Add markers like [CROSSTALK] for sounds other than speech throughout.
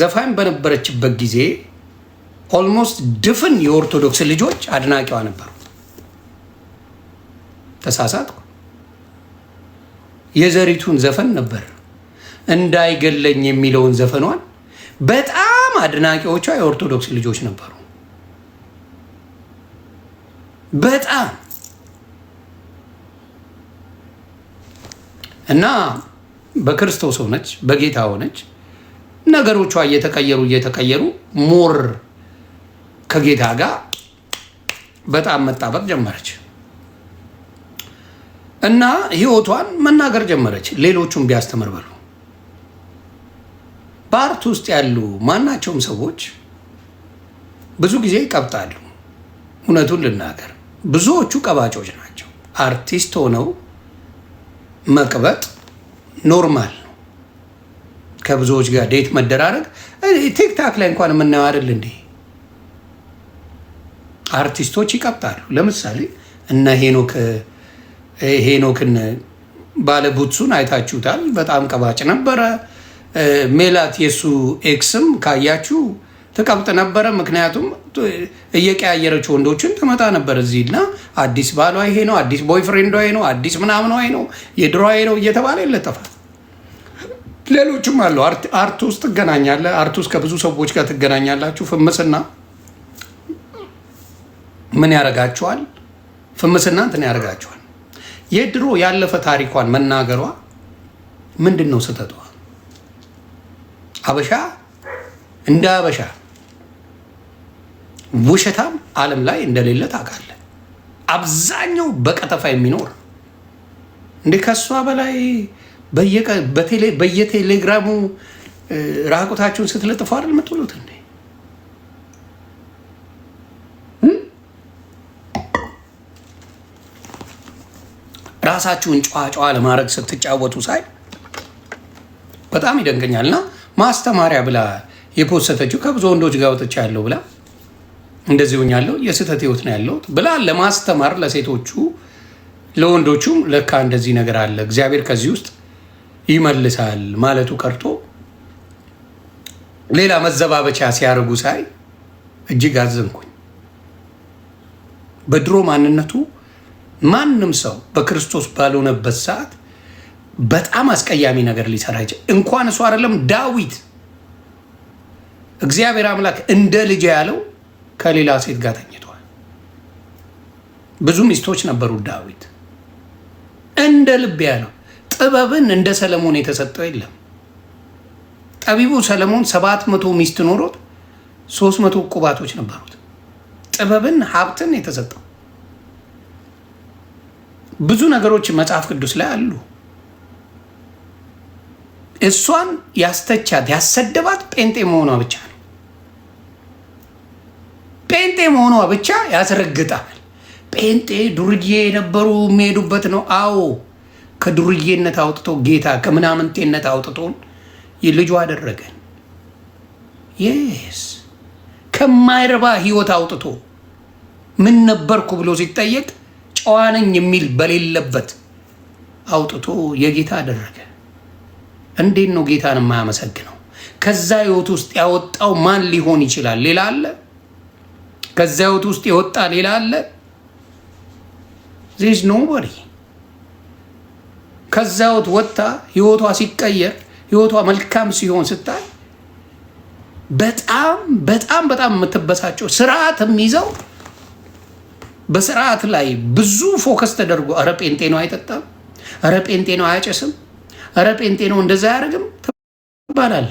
ዘፋኝ በነበረችበት ጊዜ ኦልሞስት ድፍን የኦርቶዶክስ ልጆች አድናቂዋ ነበሩ። ተሳሳትኩ። የዘሪቱን ዘፈን ነበር እንዳይገለኝ የሚለውን ዘፈኗን በጣም አድናቂዎቿ የኦርቶዶክስ ልጆች ነበሩ። በጣም እና በክርስቶስ ሆነች፣ በጌታ ሆነች። ነገሮቿ እየተቀየሩ እየተቀየሩ ሞር ከጌታ ጋር በጣም መጣበቅ ጀመረች እና ህይወቷን መናገር ጀመረች። ሌሎቹም ቢያስተምር በሉ። በአርት ውስጥ ያሉ ማናቸውም ሰዎች ብዙ ጊዜ ይቀብጣሉ። እውነቱን ልናገር፣ ብዙዎቹ ቀባጮች ናቸው። አርቲስት ሆነው መቅበጥ ኖርማል ከብዙዎች ጋር ዴት መደራረግ ቲክታክ ላይ እንኳን የምናየው አይደል እንዴ? አርቲስቶች ይቀብጣሉ። ለምሳሌ እነ ሄኖክ ሄኖክን ቡትሱን አይታችሁታል። በጣም ቀባጭ ነበረ። ሜላት የእሱ ኤክስም ካያችሁ ትቀብጥ ነበረ። ምክንያቱም እየቀያየረች ወንዶችን ትመጣ ነበር እዚህ እና አዲስ ባሏ ይሄ ነው፣ አዲስ ቦይፍሬንዷ ይሄ ነው፣ አዲስ ምናምኗ ይሄ ነው፣ የድሯ ይሄ ነው እየተባለ ይለጠፋል። ሌሎችም አሉ። አርት ውስጥ ትገናኛለ። አርት ውስጥ ከብዙ ሰዎች ጋር ትገናኛላችሁ። ፍምስና ምን ያደርጋችኋል? ፍምስና እንትን ያደርጋችኋል። የድሮ ያለፈ ታሪኳን መናገሯ ምንድን ነው ስህተቷ? አበሻ እንደ አበሻ ውሸታም ዓለም ላይ እንደሌለ ታውቃለህ። አብዛኛው በቀጠፋ የሚኖር እንዲህ ከሷ በላይ በየቴሌግራሙ ራቁታችሁን ስትለጥፉ አይደል የምትውሉት እንዴ? ራሳችሁን ጨዋ ጨዋ ለማድረግ ስትጫወቱ ሳይ በጣም ይደንቀኛል። እና ማስተማሪያ ብላ የፖሰተችው ከብዙ ወንዶች ጋር ወጥቻ ያለው ብላ እንደዚህ ሆኛለሁ የስህተት ህይወት ነው ያለው ብላ ለማስተማር ለሴቶቹ ለወንዶቹም ለካ እንደዚህ ነገር አለ እግዚአብሔር ከዚህ ውስጥ ይመልሳል ማለቱ ቀርቶ ሌላ መዘባበቻ ሲያደርጉ ሳይ እጅግ አዘንኩኝ። በድሮ ማንነቱ ማንም ሰው በክርስቶስ ባልሆነበት ሰዓት በጣም አስቀያሚ ነገር ሊሰራ ይችላል። እንኳን እሱ አይደለም ዳዊት እግዚአብሔር አምላክ እንደ ልጅ ያለው ከሌላ ሴት ጋር ተኝቷል። ብዙ ሚስቶች ነበሩት ዳዊት እንደ ልብ ያለው ጥበብን እንደ ሰለሞን የተሰጠው የለም። ጠቢቡ ሰለሞን ሰባት መቶ ሚስት ኖሮት ሶስት መቶ ቁባቶች ነበሩት። ጥበብን ሀብትን የተሰጠው ብዙ ነገሮች መጽሐፍ ቅዱስ ላይ አሉ። እሷን ያስተቻት ያሰደባት ጴንጤ መሆኗ ብቻ ነው። ጴንጤ መሆኗ ብቻ ያስረግጣል። ጴንጤ ዱርዬ የነበሩ የሚሄዱበት ነው። አዎ ከዱርዬነት አውጥቶ ጌታ ከምናምንቴነት አውጥቶን ልጁ አደረገን። የስ ከማይረባ ህይወት አውጥቶ ምን ነበርኩ ብሎ ሲጠየቅ ጨዋ ነኝ የሚል በሌለበት አውጥቶ የጌታ አደረገ። እንዴት ነው ጌታን የማያመሰግነው? ከዛ ህይወት ውስጥ ያወጣው ማን ሊሆን ይችላል? ሌላ አለ? ከዛ ህይወት ውስጥ የወጣ ሌላ አለ? ዜዝ ኖበሪ ከዛ ህይወት ወጥታ ህይወቷ ሲቀየር ህይወቷ መልካም ሲሆን ስታይ በጣም በጣም በጣም የምትበሳቸው ስርዓት የሚይዘው በስርዓት ላይ ብዙ ፎከስ ተደርጎ ኧረ ጴንጤ ነው አይጠጣም፣ እረ ጴንጤ ነው አያጨስም፣ እረ ጴንጤ ነው እንደዛ አያደርግም ትባላል።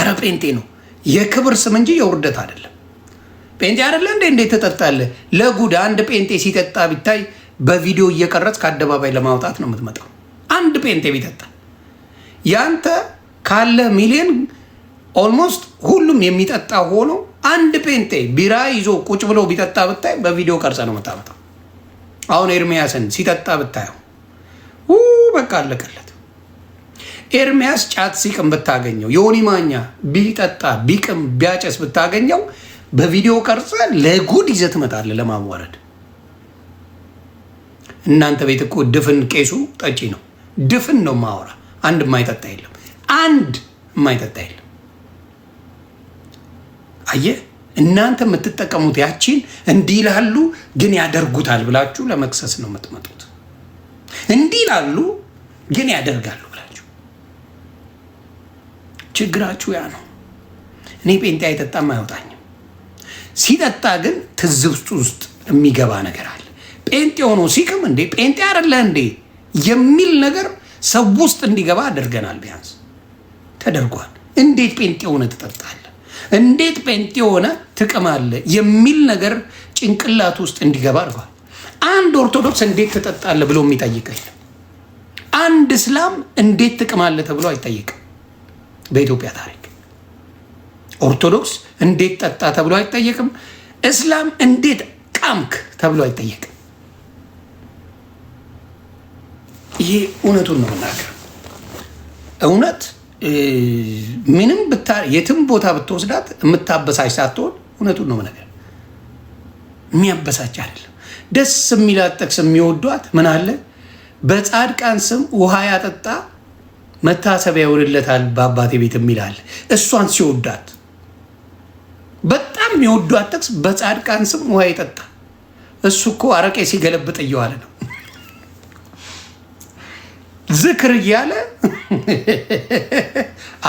ኧረ ጴንጤ ነው የክብር ስም እንጂ የውርደት አይደለም። ጴንጤ አይደለ እንዴ? እንዴት ትጠጣለህ? ለጉድ አንድ ጴንጤ ሲጠጣ ቢታይ በቪዲዮ እየቀረጽ ከአደባባይ ለማውጣት ነው የምትመጣው። አንድ ጴንጤ ቢጠጣ ያንተ ካለ ሚሊዮን ኦልሞስት ሁሉም የሚጠጣ ሆኖ አንድ ጴንጤ ቢራ ይዞ ቁጭ ብሎ ቢጠጣ ብታይ በቪዲዮ ቀርጸ ነው የምታመጣው። አሁን ኤርሚያስን ሲጠጣ ብታየው በቃ አለቀለት። ኤርሚያስ ጫት ሲቅም ብታገኘው፣ ዮኒ ማኛ ቢጠጣ ቢቅም ቢያጨስ ብታገኘው በቪዲዮ ቀርጸ ለጉድ ይዘህ ትመጣለህ ለማዋረድ። እናንተ ቤት እኮ ድፍን ቄሱ ጠጪ ነው። ድፍን ነው ማወራ። አንድ የማይጠጣ የለም። አንድ የማይጠጣ የለም። አየ እናንተ የምትጠቀሙት ያቺን እንዲህ ይላሉ ግን ያደርጉታል ብላችሁ ለመክሰስ ነው የምትመጡት። እንዲህ ይላሉ ግን ያደርጋሉ ብላችሁ። ችግራችሁ ያ ነው። እኔ ጴንጤ አይጠጣም አይወጣኝም። ሲጠጣ ግን ትዝብት ውስጥ የሚገባ ነገር አለ ጴንጤ ሆኖ ሲቅም እንዴ ጴንጤ አይደለህ እንዴ የሚል ነገር ሰው ውስጥ እንዲገባ አድርገናል። ቢያንስ ተደርጓል። እንዴት ጴንጤ ሆነ ትጠጣለ እንዴት ጴንጤ ሆነ ትቅማለ የሚል ነገር ጭንቅላት ውስጥ እንዲገባ አድርጓል። አንድ ኦርቶዶክስ እንዴት ትጠጣለህ ብሎ የሚጠይቅ የለም። አንድ እስላም እንዴት ትቅማለ ተብሎ አይጠይቅም። በኢትዮጵያ ታሪክ ኦርቶዶክስ እንዴት ጠጣ ተብሎ አይጠየቅም። እስላም እንዴት ቃምክ ተብሎ አይጠየቅም። ይሄ እውነቱን ነው የምናገር። እውነት ምንም የትም ቦታ ብትወስዳት የምታበሳጭ ሳትሆን እውነቱን ነው ነገር የሚያበሳጭ አይደለም። ደስ የሚላት ጥቅስ የሚወዷት ምን አለ በጻድቃን ስም ውሃ ያጠጣ መታሰቢያ ይሆንለታል በአባቴ ቤት የሚላል እሷን ሲወዷት በጣም የሚወዷት ጥቅስ በጻድቃን ስም ውሃ ይጠጣ እሱ እኮ አረቄ ሲገለብጥ እየዋለ ነው። ዝክር እያለ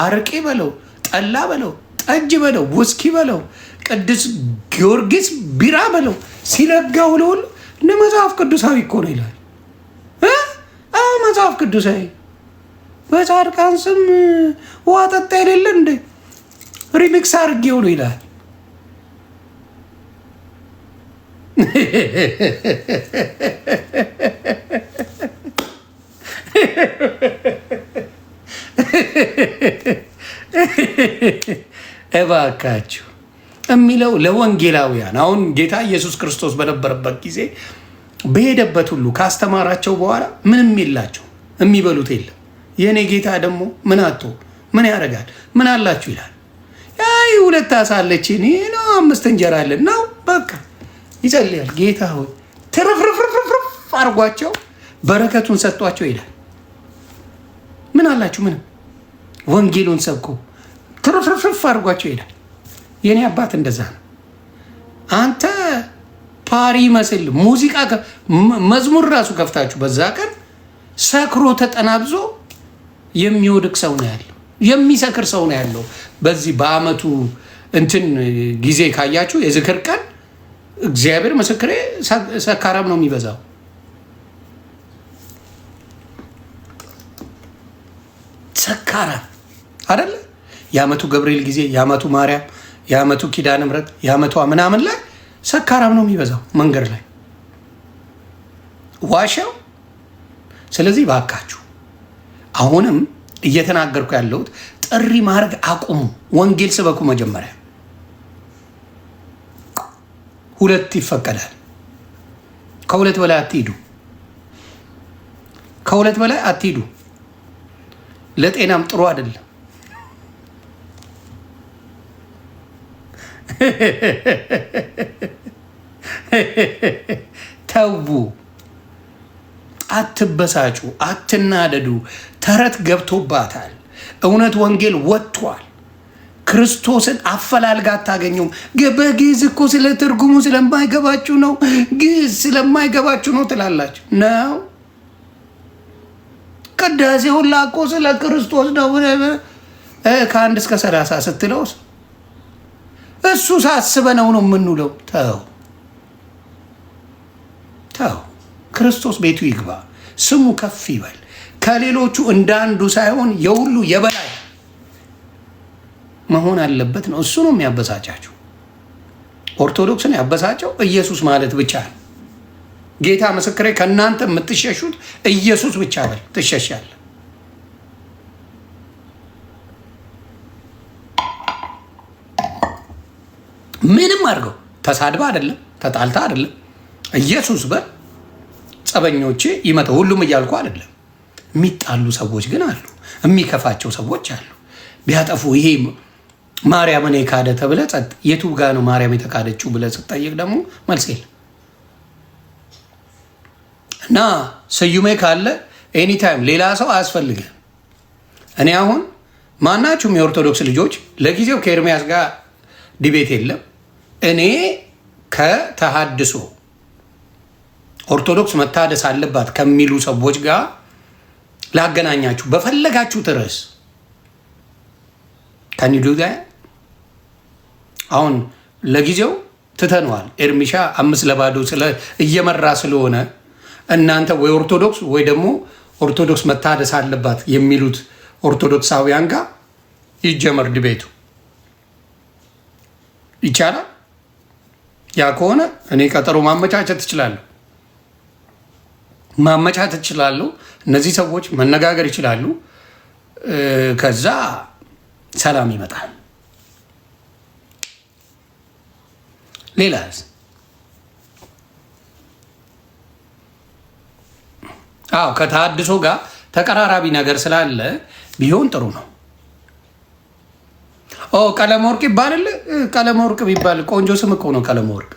አርቄ በለው ጠላ በለው ጠጅ በለው ውስኪ በለው ቅዱስ ጊዮርጊስ ቢራ በለው ሲለጋ ውለውል መጽሐፍ ቅዱሳዊ እኮ ነው ይላል። መጽሐፍ ቅዱሳዊ በጻድቃን ስም ውሃ ጠጣ የሌለ እንደ ሪሚክስ አድርጌው ነው ይላል። [LAUGHS] እባካችሁ የሚለው ለወንጌላውያን አሁን ጌታ ኢየሱስ ክርስቶስ በነበረበት ጊዜ በሄደበት ሁሉ ካስተማራቸው በኋላ ምንም የላቸው፣ የሚበሉት የለም። የእኔ ጌታ ደግሞ ምን አቶ ምን ያደርጋል? ምን አላችሁ ይላል። ያይ ሁለት አሳለች ነው አምስት እንጀራ አለን ነው በቃ ይጸልያል። ጌታ ሆይ ትርፍርፍርፍርፍ አድርጓቸው በረከቱን ሰጥቷቸው ይላል። ምን አላችሁ? ምንም ወንጌሉን ሰብኮ ትርፍርፍርፍ አድርጓቸው ይሄዳል። የእኔ አባት እንደዛ ነው። አንተ ፓሪ መስል ሙዚቃ መዝሙር ራሱ ከፍታችሁ በዛ ቀን ሰክሮ ተጠናብዞ የሚወድቅ ሰው ነው ያለው። የሚሰክር ሰው ነው ያለው። በዚህ በአመቱ እንትን ጊዜ ካያችሁ የዝክር ቀን እግዚአብሔር ምስክሬ ሰካራም ነው የሚበዛው። ሰካራም አደለ? የአመቱ ገብርኤል ጊዜ፣ የአመቱ ማርያም፣ የአመቱ ኪዳነ ምሕረት፣ የአመቷ ምናምን ላይ ሰካራም ነው የሚበዛው መንገድ ላይ ዋሻው። ስለዚህ ባካችሁ አሁንም እየተናገርኩ ያለሁት ጥሪ ማድረግ አቁሙ። ወንጌል ስበኩ። መጀመሪያ ሁለት ይፈቀዳል። ከሁለት በላይ አትሂዱ። ከሁለት በላይ አትሂዱ። ለጤናም ጥሩ አይደለም። ተዉ፣ አትበሳጩ፣ አትናደዱ። ተረት ገብቶባታል። እውነት ወንጌል ወጥቷል። ክርስቶስን አፈላልጋ አታገኘውም። በግዕዝ እኮ ስለ ትርጉሙ ስለማይገባችሁ ነው፣ ግዕዝ ስለማይገባችሁ ነው ትላላችሁ ነው ቅዳሴ ሁላ እኮ ስለ ክርስቶስ ነው ከአንድ እስከ ሰላሳ ስትለው እሱ ሳስበ ነው ነው የምንውለው። ተው ተው፣ ክርስቶስ ቤቱ ይግባ፣ ስሙ ከፍ ይበል። ከሌሎቹ እንዳንዱ ሳይሆን የሁሉ የበላይ መሆን አለበት ነው። እሱ ነው የሚያበሳጫቸው። ኦርቶዶክስን ያበሳጨው ኢየሱስ ማለት ብቻ ነው። ጌታ ምስክሬ፣ ከእናንተ የምትሸሹት ኢየሱስ ብቻ በል ትሸሻል። ምንም አድርገው ተሳድባ አይደለም ተጣልታ አይደለም ኢየሱስ በል ጸበኞቼ ይመጣ ሁሉም እያልኩ አይደለም። የሚጣሉ ሰዎች ግን አሉ፣ የሚከፋቸው ሰዎች አሉ። ቢያጠፉ ይሄ ማርያምን የካደ ተብለ ጸጥ፣ የቱ ጋ ነው ማርያም የተካደችው ብለ ስጠይቅ ደግሞ መልስ የለም። እና ስዩሜ ካለ ኤኒታይም ሌላ ሰው አያስፈልግም። እኔ አሁን ማናችሁም የኦርቶዶክስ ልጆች ለጊዜው ከኤርሚያስ ጋር ዲቤት የለም። እኔ ከተሃድሶ ኦርቶዶክስ መታደስ አለባት ከሚሉ ሰዎች ጋር ላገናኛችሁ በፈለጋችሁት ርዕስ ከኒዱ ጋር አሁን ለጊዜው ትተነዋል። ኤርሚሻ አምስት ለባዶ እየመራ ስለሆነ እናንተ ወይ ኦርቶዶክስ ወይ ደግሞ ኦርቶዶክስ መታደስ አለባት የሚሉት ኦርቶዶክሳውያን ጋር ይጀመር ድቤቱ ይቻላል። ያ ከሆነ እኔ ቀጠሮ ማመቻቸት ትችላለሁ ማመቻቸት ትችላለሁ። እነዚህ ሰዎች መነጋገር ይችላሉ። ከዛ ሰላም ይመጣል። ሌላ አዎ ከተሃድሶ ጋር ተቀራራቢ ነገር ስላለ ቢሆን ጥሩ ነው። ቀለም ወርቅ ይባላል። ቀለም ወርቅ ቢባል ቆንጆ ስም እኮ ነው። ቀለም ወርቅ